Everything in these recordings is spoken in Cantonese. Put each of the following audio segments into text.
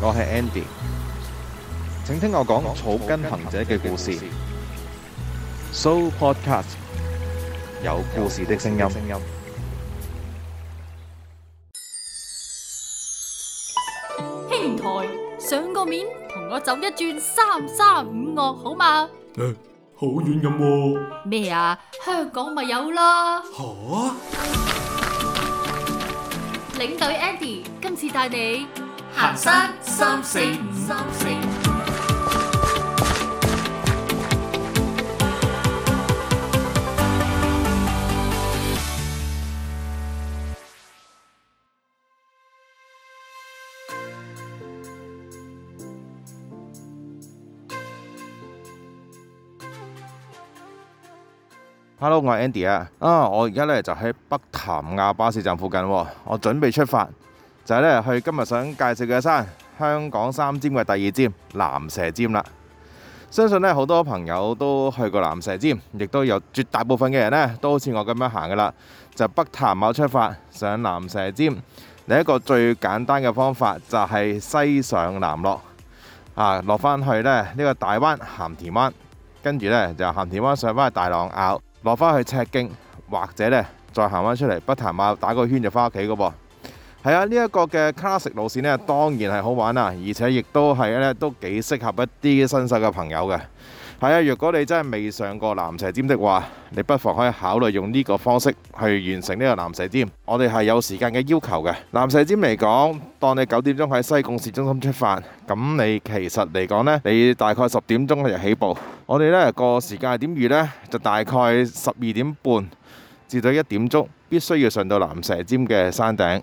我係 Andy，請聽我講草根行者嘅故事。So Podcast，有故事的聲音。兄台，上個面同我走一轉三三五岳，好嘛？誒，好遠咁？咩啊？香港咪有啦？吓！領隊 Andy，今次帶你。Hello，我係，oh, 我 Andy 啊，啊，我而家咧就喺北潭亞巴士站附近喎，我準備出發。就係咧，去今日想介紹嘅山，香港三尖嘅第二尖——南蛇尖啦。相信呢，好多朋友都去過南蛇尖，亦都有絕大部分嘅人呢，都好似我咁樣行噶啦，就北潭坳出發上南蛇尖。另一個最簡單嘅方法就係西上南落啊，落返去呢，呢個大灣鹹田灣，跟住呢，就鹹田灣上返去大浪坳，落返去赤徑，或者呢，再行返出嚟北潭坳打個圈就返屋企噶噃。係啊，呢一個嘅 classic 路線呢，當然係好玩啦，而且亦都係呢，都幾適合一啲新手嘅朋友嘅。係啊，如果你真係未上過蚺蛇尖的話，你不妨可以考慮用呢個方式去完成呢個蚺蛇尖。我哋係有時間嘅要求嘅。蚺蛇尖嚟講，當你九點鐘喺西貢市中心出發，咁你其實嚟講呢，你大概十點鐘就起步。我哋呢、呢個時間係點預呢？就大概十二點半至到一點鐘，必須要上到蚺蛇尖嘅山頂。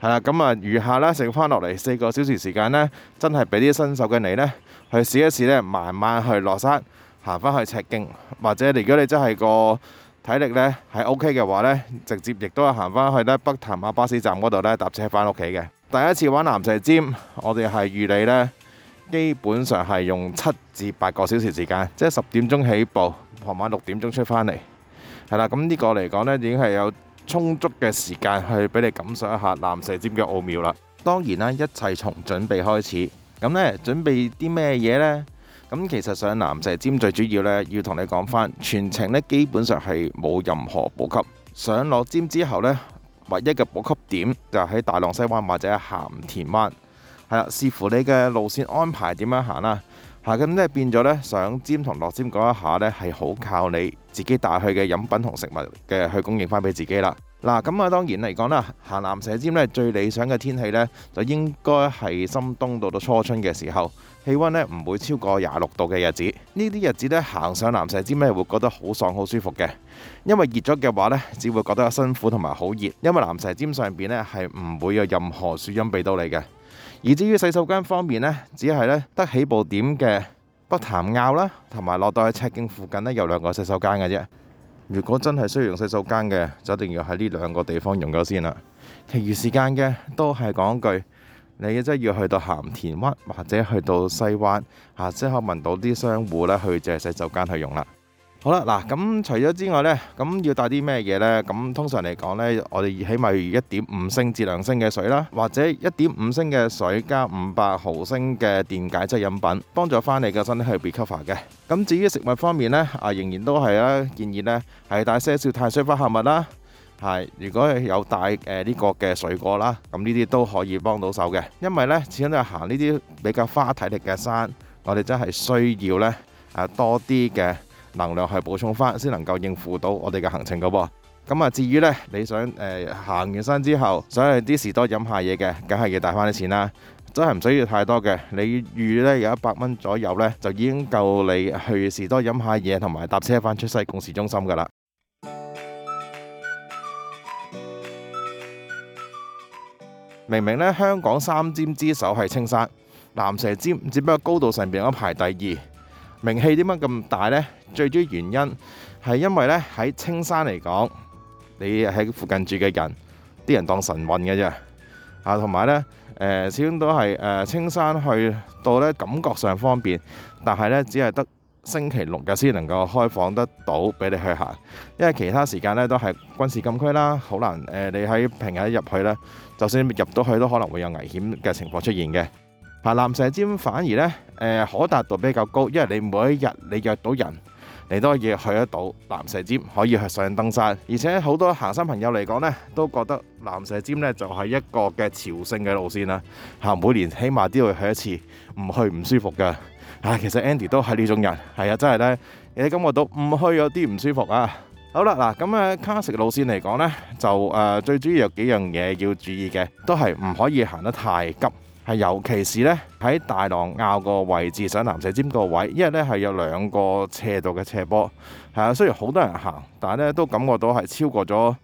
係啦，咁啊，餘下呢剩返落嚟四個小時時間呢，真係俾啲新手嘅你呢，去試一試呢，慢慢去落山，行返去赤徑，或者如果你真係個體力呢，係 OK 嘅話呢，直接亦都係行返去呢北潭凹巴士站嗰度呢，搭車返屋企嘅。第一次玩蚺蛇尖，我哋係預你呢，基本上係用七至八個小時時間，即係十點鐘起步，傍晚六點鐘出返嚟，係啦，咁呢個嚟講呢，已經係有。充足嘅時間去俾你感受一下蚺蛇尖嘅奧妙啦。當然啦，一切從準備開始。咁呢，準備啲咩嘢呢？咁其實上蚺蛇尖最主要呢，要同你講返，全程呢基本上係冇任何補給。上落尖之後呢，唯一嘅補給點就喺大浪西灣或者鹹田灣。係啦，視乎你嘅路線安排點樣行啦。吓，咁咧變咗呢，上尖同落尖嗰一下呢，係好靠你。自己帶去嘅飲品同食物嘅去供應返俾自己啦。嗱，咁啊當然嚟講啦，行南蛇尖呢最理想嘅天氣呢，就應該係深冬到到初春嘅時候，氣温呢唔會超過廿六度嘅日子。呢啲日子呢，行上南蛇尖呢會覺得好爽好舒服嘅，因為熱咗嘅話呢，只會覺得辛苦同埋好熱。因為南蛇尖上邊呢係唔會有任何樹蔭俾到你嘅。而至於洗手間方面呢，只係呢得起步點嘅。北潭坳啦，同埋落到去赤徑附近呢，有兩個洗手間嘅啫。如果真係需要用洗手間嘅，就一定要喺呢兩個地方用咗先啦。其餘時間嘅都係講句，你即係要去到咸田灣或者去到西灣，啊，即刻問到啲商戶呢，去借洗手間去用啦。好啦，嗱咁除咗之外咧，咁要帶啲咩嘢咧？咁通常嚟講咧，我哋起碼要一點五升至兩升嘅水啦，或者一點五升嘅水加五百毫升嘅電解質飲品，幫助翻你嘅身體去 recover 嘅。咁至於食物方面咧，啊仍然都係啊建議咧係帶些少碳水化合物啦，係。如果係有帶誒呢個嘅水果啦，咁呢啲都可以幫到手嘅，因為咧始終都行呢啲比較花體力嘅山，我哋真係需要咧誒多啲嘅能量係補充翻先能夠應付到我哋嘅行程嘅噃。咁啊，至於呢，你想誒、呃、行完山之後想去啲士多飲下嘢嘅，梗係要帶翻啲錢啦。真係唔需要太多嘅，你預呢有一百蚊左右呢，就已經夠你去士多飲下嘢同埋搭車返出西貢市中心噶啦。明明呢，香港三尖之首係青山，南蛇尖只不過高度上面啊排第二。名氣點解咁大呢？最主要原因係因為呢，喺青山嚟講，你喺附近住嘅人，啲人當神棍嘅啫。啊，同埋呢，誒、呃、始終都係誒、呃、青山去到呢感覺上方便，但係呢，只係得星期六日先能夠開放得到俾你去行，因為其他時間呢都係軍事禁區啦，好難誒、呃。你喺平日入去呢，就算入到去都可能會有危險嘅情況出現嘅。爬藍石尖反而呢，誒可達度比較高，因為你每一日你約到人，你都可以去得到藍蛇尖，可以去上登山。而且好多行山朋友嚟講呢，都覺得藍蛇尖呢就係一個嘅朝聖嘅路線啦。吓，每年起碼都要去一次，唔去唔舒服噶。吓、啊，其實 Andy 都係呢種人，係啊，真係呢。而感覺到唔去有啲唔舒服啊。好啦，嗱，咁啊卡 l 路線嚟講呢，就誒、呃、最主要有幾樣嘢要注意嘅，都係唔可以行得太急。尤其是咧喺大浪坳個位置上南蛇尖個位置，因為咧係有兩個斜度嘅斜坡，係啊，雖然好多人行，但係咧都感覺到係超過咗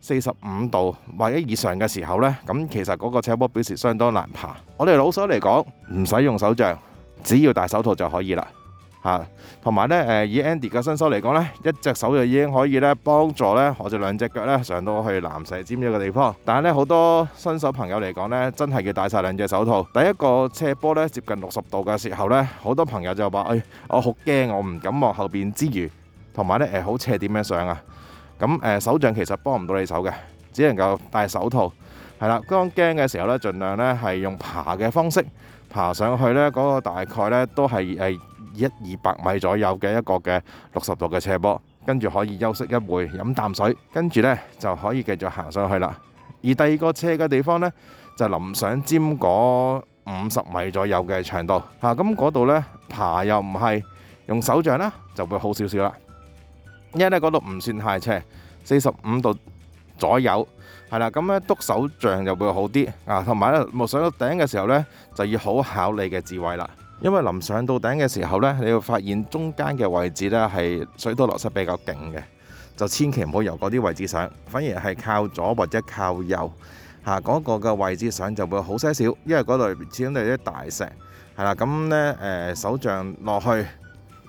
四十五度或者以上嘅時候呢，咁其實嗰個斜坡表示相當難爬。我哋老手嚟講，唔使用，用手杖，只要戴手套就可以啦。嚇，同埋咧，誒以 Andy 嘅身手嚟講咧，一隻手就已經可以咧幫助咧我哋兩隻腳咧上到去蚺蛇尖呢個地方。但係咧好多新手朋友嚟講咧，真係要戴曬兩隻手套。第一個斜坡咧接近六十度嘅時候咧，好多朋友就話：誒我好驚，我唔敢望後邊之餘，同埋咧誒好斜點樣上啊？咁誒手杖其實幫唔到你手嘅，只能夠戴手套。係啦，當驚嘅時候咧，儘量咧係用爬嘅方式爬上去咧，嗰個大概咧都係誒。一二百米左右嘅一個嘅六十度嘅斜坡，跟住可以休息一會，飲啖水，跟住呢就可以繼續行上去啦。而第二個斜嘅地方呢，就臨上尖嗰五十米左右嘅長度吓、啊，咁嗰度呢，爬又唔係用手杖呢就會好少少啦，因為呢嗰度唔算太斜，四十五度左右係啦，咁呢督手杖就會好啲啊，同埋呢，望上到頂嘅時候呢，就要好考你嘅智慧啦。因為臨上到頂嘅時候呢，你會發現中間嘅位置呢係水土流失比較勁嘅，就千祈唔好由嗰啲位置上，反而係靠左或者靠右嚇嗰、那個嘅位置上就會好些少，因為嗰度始終都係啲大石，係啦，咁呢誒手杖落去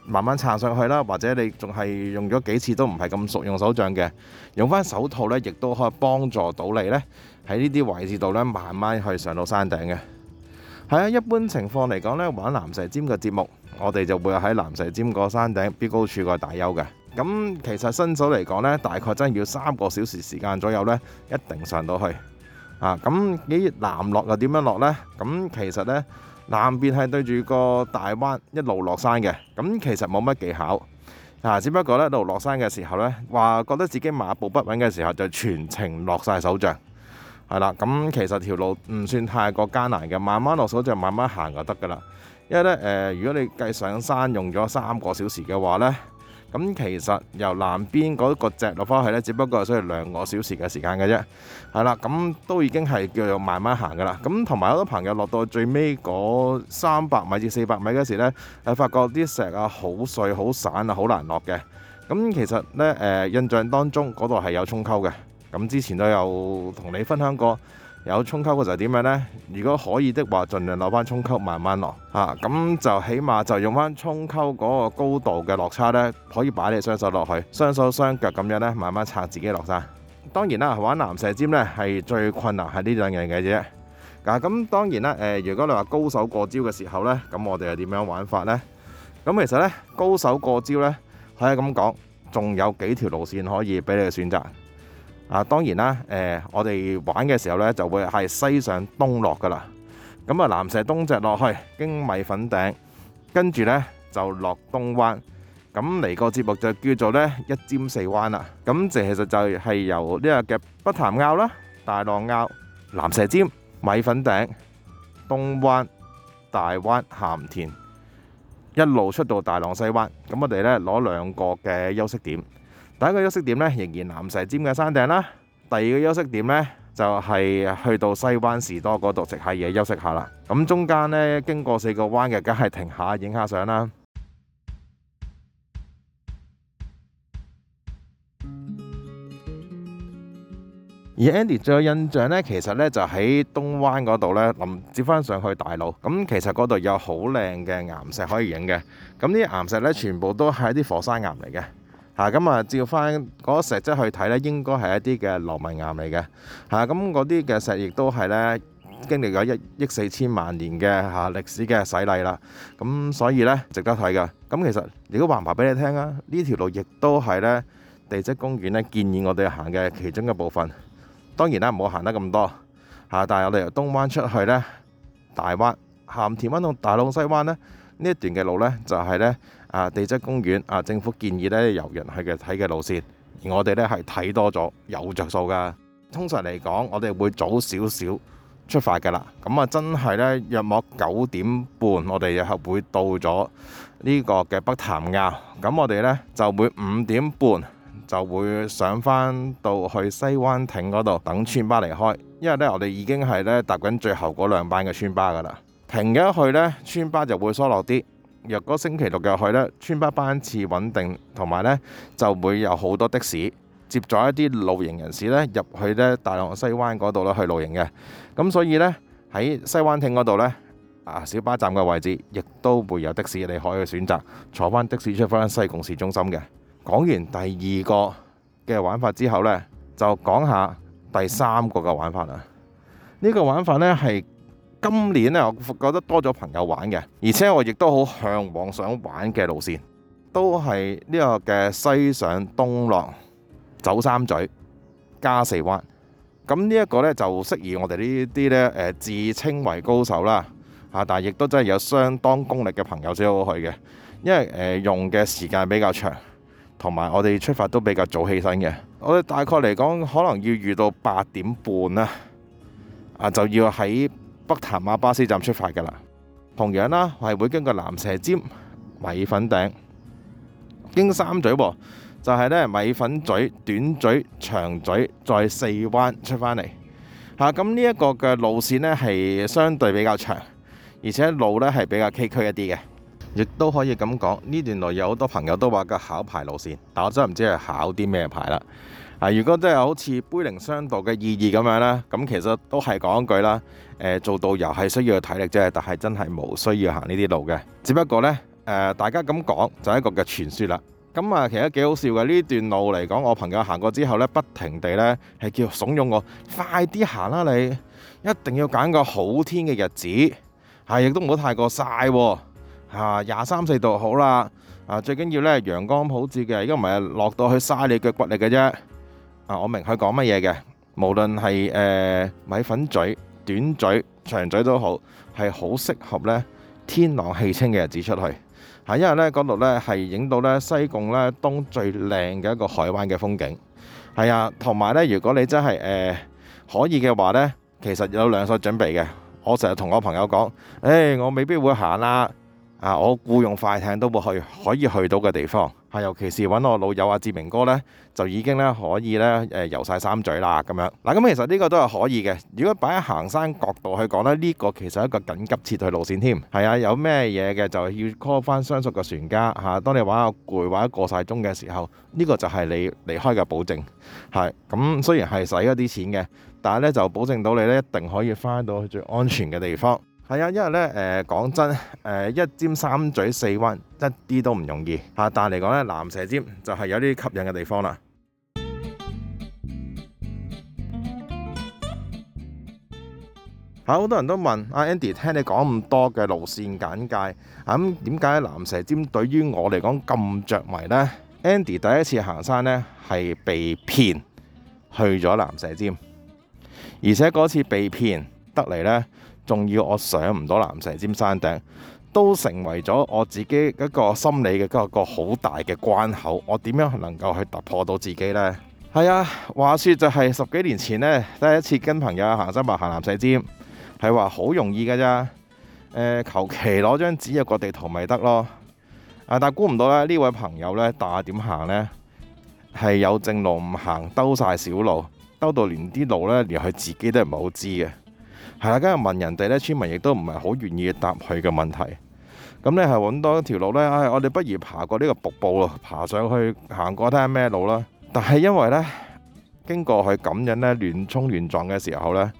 慢慢撐上去啦，或者你仲係用咗幾次都唔係咁熟用手杖嘅，用返手套呢，亦都可以幫助到你呢喺呢啲位置度呢，慢慢去上到山頂嘅。係啊，一般情況嚟講咧，玩蚺蛇尖嘅節目，我哋就會喺蚺蛇尖個山頂標高處個大休嘅。咁其實新手嚟講咧，大概真係要三個小時時間左右咧，一定上到去。啊，咁你南落又點樣落咧？咁其實咧，南邊係對住個大灣一路落山嘅。咁其實冇乜技巧，啊，只不過咧一路落山嘅時候咧，話覺得自己馬步不穩嘅時候，就全程落曬手杖。係啦，咁其實條路唔算太過艱難嘅，慢慢落手就慢慢行就得噶啦。因為呢，誒、呃，如果你計上山用咗三個小時嘅話呢，咁其實由南邊嗰個直落返去呢，只不過係需要兩個小時嘅時間嘅啫。係啦，咁都已經係叫做慢慢行噶啦。咁同埋好多朋友落到最尾嗰三百米至四百米嗰時咧，誒，發覺啲石啊好碎、好散啊，好難落嘅。咁其實呢，誒、呃，印象當中嗰度係有沖溝嘅。咁之前都有同你分享過，有沖溝嘅時候點樣呢？如果可以的話，盡量落翻沖溝，慢慢落吓咁、啊、就起碼就用翻沖溝嗰個高度嘅落差呢，可以擺你雙手落去，雙手雙腳咁樣呢，慢慢拆自己落山。當然啦，玩蚺蛇尖呢係最困難係呢兩樣嘅啫。咁、啊、當然啦，呃、如果你話高手過招嘅時候呢，咁我哋又點樣玩法呢？咁其實呢，高手過招呢，可以咁講，仲有幾條路線可以俾你選擇。啊，當然啦，誒，我哋玩嘅時候呢，就會係西上東落噶啦。咁啊，南蛇東脊落去，經米粉頂，跟住呢就落東灣。咁嚟個節目就叫做呢一尖四灣啦。咁即係其實就係由呢個嘅北潭坳啦、大浪坳、南蛇尖、米粉頂、東灣、大灣鹹田一路出到大浪西灣。咁我哋呢攞兩個嘅休息點。第一個休息點咧，仍然蚺蛇尖嘅山頂啦。第二個休息點咧，就係去到西灣士多嗰度食下嘢休息下啦。咁中間咧經過四個灣嘅，梗係停下影下相啦。而 Andy 最有印象咧，其實咧就喺東灣嗰度咧，臨接翻上去大路。咁其實嗰度有好靚嘅岩石可以影嘅。咁呢啲岩石咧，全部都係一啲火山岩嚟嘅。嗱，咁啊，照翻嗰石質去睇咧，應該係一啲嘅流紋岩嚟嘅。嚇，咁嗰啲嘅石亦都係咧經歷咗一億四千萬年嘅嚇歷史嘅洗禮啦。咁所以咧，值得睇㗎。咁其實如果話唔話俾你聽啊，呢條路亦都係咧，地質公園咧建議我哋行嘅其中一部分。當然啦，唔好行得咁多嚇，但係我哋由東灣出去咧，大灣、鹹田灣同大浪西灣咧，呢一段嘅路咧就係咧。啊！地質公園啊，政府建議咧遊人去嘅睇嘅路線，而我哋咧係睇多咗有着數噶。通常嚟講，我哋會早少少出發噶啦。咁啊，真係咧約莫九點半，我哋又會到咗呢個嘅北潭坳。咁我哋咧就會五點半就會上翻到去西灣亭嗰度等村巴離開，因為咧我哋已經係咧搭緊最後嗰兩班嘅村巴噶啦。停咗去咧，村巴就會疏落啲。若果星期六入去呢，村巴班次穩定，同埋呢就會有好多的士接載一啲露營人士呢入去呢大浪西灣嗰度去露營嘅。咁所以呢，喺西灣亭嗰度呢，啊小巴站嘅位置，亦都會有的士，你可以選擇坐返的士出返西貢市中心嘅。講完第二個嘅玩法之後呢，就講下第三個嘅玩法啦。呢個玩法呢係。今年咧，我覺得多咗朋友玩嘅，而且我亦都好嚮往想玩嘅路線，都係呢個嘅西上東落，走三嘴，加四彎。咁呢一個呢，就適宜我哋呢啲呢誒自稱為高手啦，啊，但係亦都真係有相當功力嘅朋友先好去嘅，因為誒、呃、用嘅時間比較長，同埋我哋出發都比較早起身嘅。我哋大概嚟講，可能要預到八點半啦，啊就要喺。北潭凹巴士站出發噶啦，同樣啦，係會經過蚺蛇尖、米粉頂、經三咀，就係、是、呢米粉嘴、短嘴、長嘴再四灣出返嚟。吓、啊，咁呢一個嘅路線呢係相對比較長，而且路呢係比較崎嶇一啲嘅，亦都可以咁講。呢段路有好多朋友都話個考牌路線，但我真係唔知係考啲咩牌啦。啊！如果真係好似杯零雙道嘅意義咁樣啦，咁其實都係講句啦。誒，做導遊係需要體力啫，但係真係冇需要行呢啲路嘅。只不過呢，誒大家咁講就係一個嘅傳説啦。咁啊，其實幾好笑嘅，呢段路嚟講，我朋友行過之後呢，不停地呢係叫慫恿我快啲行啦，你一定要揀個好天嘅日子，係亦都唔好太過晒。」啊，廿三四度好啦。啊，最緊要呢，陽光普照嘅，如果唔係落到去曬你的腳骨力嘅啫。啊！我明佢講乜嘢嘅，無論係誒米粉嘴、短嘴、長嘴都好，係好適合咧天朗氣清嘅日子出去嚇，因為咧嗰度咧係影到咧西貢咧東最靚嘅一個海灣嘅風景，係啊，同埋咧如果你真係誒可以嘅話咧，其實有兩手準備嘅。我成日同我朋友講，誒我未必會行啦，啊我僱用快艇都會去可以去到嘅地方。係，尤其是揾我老友阿志明哥呢，就已經咧可以呢，誒遊曬三嘴啦咁樣。嗱，咁其實呢個都係可以嘅。如果擺喺行山角度去講咧，呢、這個其實係一個緊急撤退路線添。係啊，有咩嘢嘅就要 call 返相熟嘅船家嚇。當你玩下攰，或者過晒鐘嘅時候，呢、這個就係你離開嘅保證。係，咁、嗯、雖然係使一啲錢嘅，但係呢就保證到你咧一定可以返到去最安全嘅地方。係啊，因為咧，誒，講真，誒，一尖三嘴四彎，一啲都唔容易吓。但係嚟講咧，南蛇尖就係有啲吸引嘅地方啦。好多人都問阿 Andy，聽你講咁多嘅路線簡介，咁點解南蛇尖對於我嚟講咁着迷呢？Andy 第一次行山呢，係被騙去咗南蛇尖，而且嗰次被騙得嚟呢。仲要我上唔到蚺蛇尖山頂，都成為咗我自己一個心理嘅一個好大嘅關口。我點樣能夠去突破到自己呢？係啊，話說就係十幾年前呢，第一次跟朋友行山或行蚺蛇尖，係話好容易嘅咋？求其攞張紙入個地圖咪得咯？但估唔到咧呢這位朋友咧，大點行呢？係有正路唔行，兜晒小路，兜到連啲路呢，連佢自己都唔係好知嘅。係啦，咁又問人哋咧，村民亦都唔係好願意答佢嘅問題。咁咧係揾多一條路咧，唉，我哋不如爬過呢個瀑布咯，爬上去行過睇下咩路啦。但係因為咧經過佢咁樣咧亂衝亂撞嘅時候咧，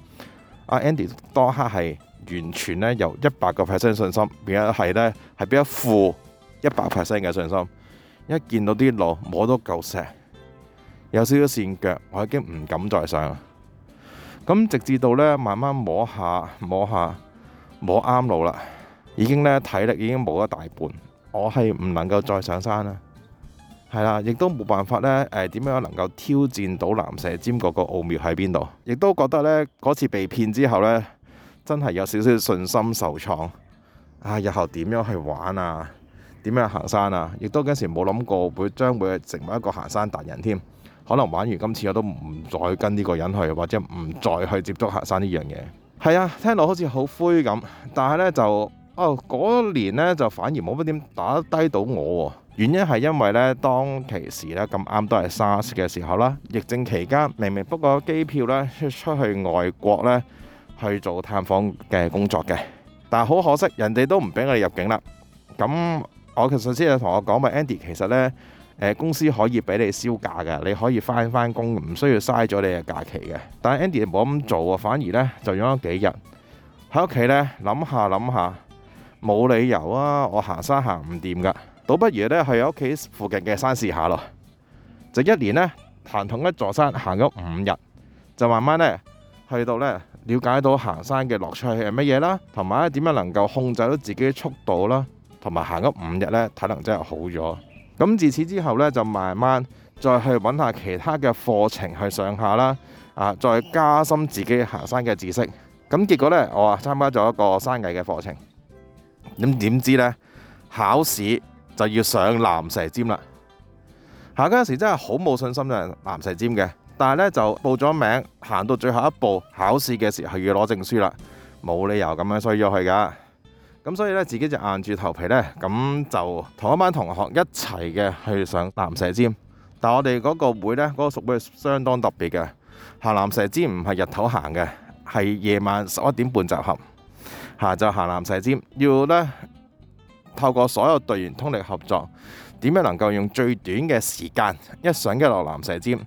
阿 Andy 當刻係完全咧由一百個 percent 信心，變咗係咧係變咗負一百 percent 嘅信心。一見到啲路摸到嚿石，有少少跣腳，我已經唔敢再上啦。咁直至到呢，慢慢摸下摸下摸啱路啦，已經呢體力已經冇咗大半，我係唔能夠再上山啦，係啦，亦都冇辦法呢，誒、呃、點樣能夠挑戰到蚺蛇尖嗰個奧妙喺邊度，亦都覺得呢，嗰次被騙之後呢，真係有少少信心受創，啊，日後點樣去玩啊，點樣行山啊，亦都嗰時冇諗過會將會成為一個行山達人添。可能玩完今次我都唔再跟呢個人去，或者唔再去接觸客山呢樣嘢。係啊，聽落好似好灰咁，但係呢就哦嗰年呢，就反而冇乜點打低到我啊。原因係因為呢，當其時呢咁啱都係 SARS 嘅時候啦，疫症期間明明不過機票呢出去外國呢去做探訪嘅工作嘅，但係好可惜，人哋都唔俾我哋入境啦。咁我嘅上司又同我講話，Andy 其實呢。公司可以俾你休假嘅，你可以返返工，唔需要嘥咗你嘅假期嘅。但係 Andy 冇咁做喎，反而呢，就用咗幾日喺屋企呢，諗下諗下，冇理由啊！我行山行唔掂噶，倒不如呢，去屋企附近嘅山試下咯。就一年呢，行同一座山行咗五日，就慢慢呢，去到呢，了解到行山嘅樂趣係乜嘢啦，同埋點樣能夠控制到自己嘅速度啦，同埋行咗五日呢，體能真係好咗。咁自此之後咧，就慢慢再去揾下其他嘅課程去上下啦，啊，再加深自己行山嘅知識。咁結果咧，我啊參加咗一個山藝嘅課程。咁點知咧，考試就要上藍蛇尖啦。行嗰陣時真係好冇信心上藍蛇尖嘅，但係咧就報咗名，行到最後一步，考試嘅時候要攞證書啦，冇理由咁樣衰咗去噶。咁所以咧，自己就硬住頭皮咧，咁就同一班同學一齊嘅去上蚺蛇尖。但我哋嗰個會咧，嗰、那個屬會相當特別嘅，行蚺蛇尖唔係日頭行嘅，係夜晚十一點半集合，下晝行蚺蛇尖，要呢透過所有隊員通力合作，點樣能夠用最短嘅時間一上一落蚺蛇尖，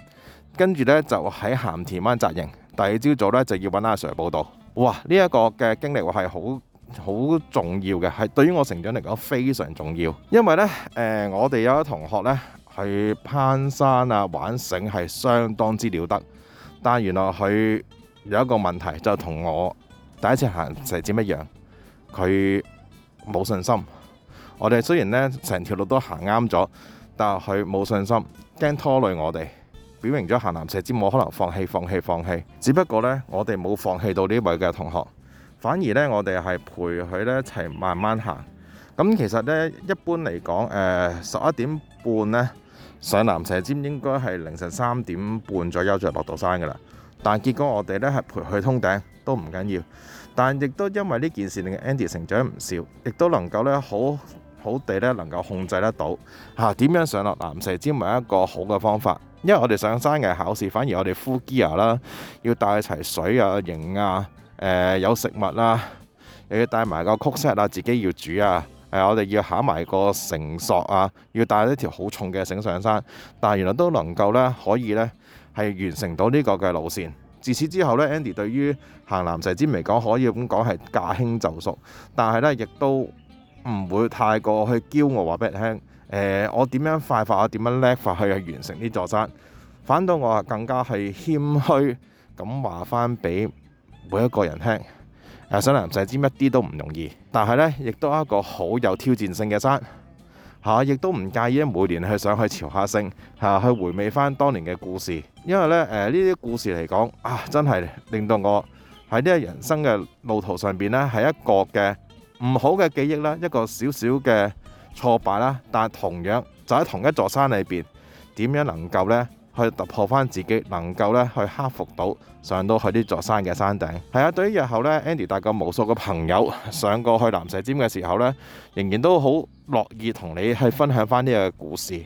跟住呢，就喺鹹田灣紮營。第二朝早呢，就要揾阿 Sir 報到。哇！呢、這、一個嘅經歷我係好～好重要嘅，係對於我成長嚟講非常重要。因為咧，誒、呃，我哋有啲同學咧去攀山啊玩繩係相當之了得，但係原來佢有一個問題就同我第一次行蛇尖一樣，佢冇信心。我哋雖然咧成條路都行啱咗，但係佢冇信心，驚拖累我哋，表明咗行蚺蛇尖冇可能放棄，放棄，放棄。只不過咧，我哋冇放棄到呢位嘅同學。反而咧，我哋係陪佢咧一齊慢慢行。咁其實咧，一般嚟講，誒十一點半咧上蚺蛇尖，應該係凌晨三點半左右就落到山噶啦。但結果我哋咧係陪佢通頂都唔緊要，但亦都因為呢件事，令 Andy 成長唔少，亦都能夠咧好好地咧能夠控制得到嚇，啊，點樣上落蚺蛇尖，係一個好嘅方法。因為我哋上山嘅考試，反而我哋呼機啦，要帶齊水啊、營啊。誒、呃，有食物啦、啊，又要帶埋個曲 set 啊，自己要煮啊。誒、呃，我哋要考埋個繩索啊，要帶一條好重嘅繩上山。但係原來都能夠呢，可以呢係完成到呢個嘅路線。自此之後呢 Andy 對於行南蛇尖嚟講，可以咁講係駕輕就熟。但係呢亦都唔會太過去驕傲我。話俾你聽，誒、呃，我點樣快法，我點樣叻法去完成呢座山，反倒我更加係謙虛。咁話返俾每一個人聽，誒，想男仔知一啲都唔容易，但係呢亦都一個好有挑戰性嘅山，吓、啊，亦都唔介意每年去上去朝下星，吓、啊，去回味返當年嘅故事，因為呢，誒、呃，呢啲故事嚟講，啊，真係令到我喺呢個人生嘅路途上邊呢係一個嘅唔好嘅記憶啦，一個少少嘅挫敗啦，但係同樣就喺同一座山裏邊，點樣能夠呢？去突破翻自己，能夠咧去克服到上到去呢座山嘅山頂。係啊，對於日後呢，Andy 帶過無數嘅朋友上過去蚺蛇尖嘅時候呢，仍然都好樂意同你去分享翻呢個故事。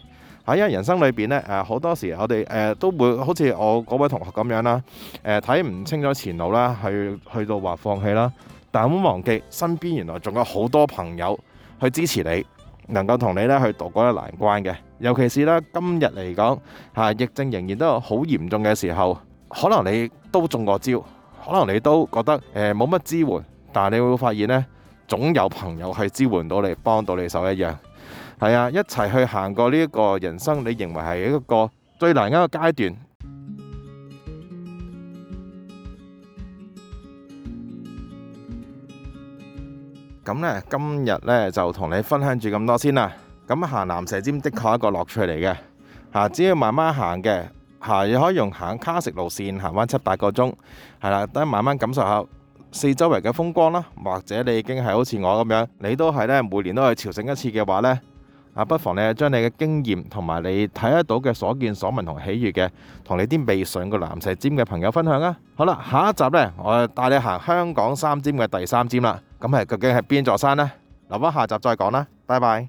喺因為人生裏邊呢，誒、呃、好多時我哋誒、呃、都會好似我嗰位同學咁樣啦，誒睇唔清楚前路啦，去去到話放棄啦。但唔好忘記，身邊原來仲有好多朋友去支持你，能夠同你呢去度過一難關嘅。尤其是呢，今日嚟講，嚇，疫症仍然都有好嚴重嘅時候，可能你都中過招，可能你都覺得誒冇乜支援，但係你會發現呢，總有朋友係支援到你，幫到你手一樣。係啊，一齊去行過呢一個人生，你認為係一個最難嘅一個階段。咁呢，今日呢就同你分享住咁多先啦。咁行南蛇尖的確一個樂趣嚟嘅，只要慢慢行嘅嚇，你可以用行卡石路線行翻七八個鐘，啊，係啦，等慢慢感受下四周圍嘅風光啦。或者你已經係好似我咁樣，你都係咧每年都係朝聖一次嘅話呢。啊，不妨你將你嘅經驗同埋你睇得到嘅所見所聞同喜悅嘅，同你啲未上過南蛇尖嘅朋友分享啊。好啦，下一集呢，我帶你行香港三尖嘅第三尖啦。咁係究竟係邊座山呢？留翻下集再講啦。拜拜。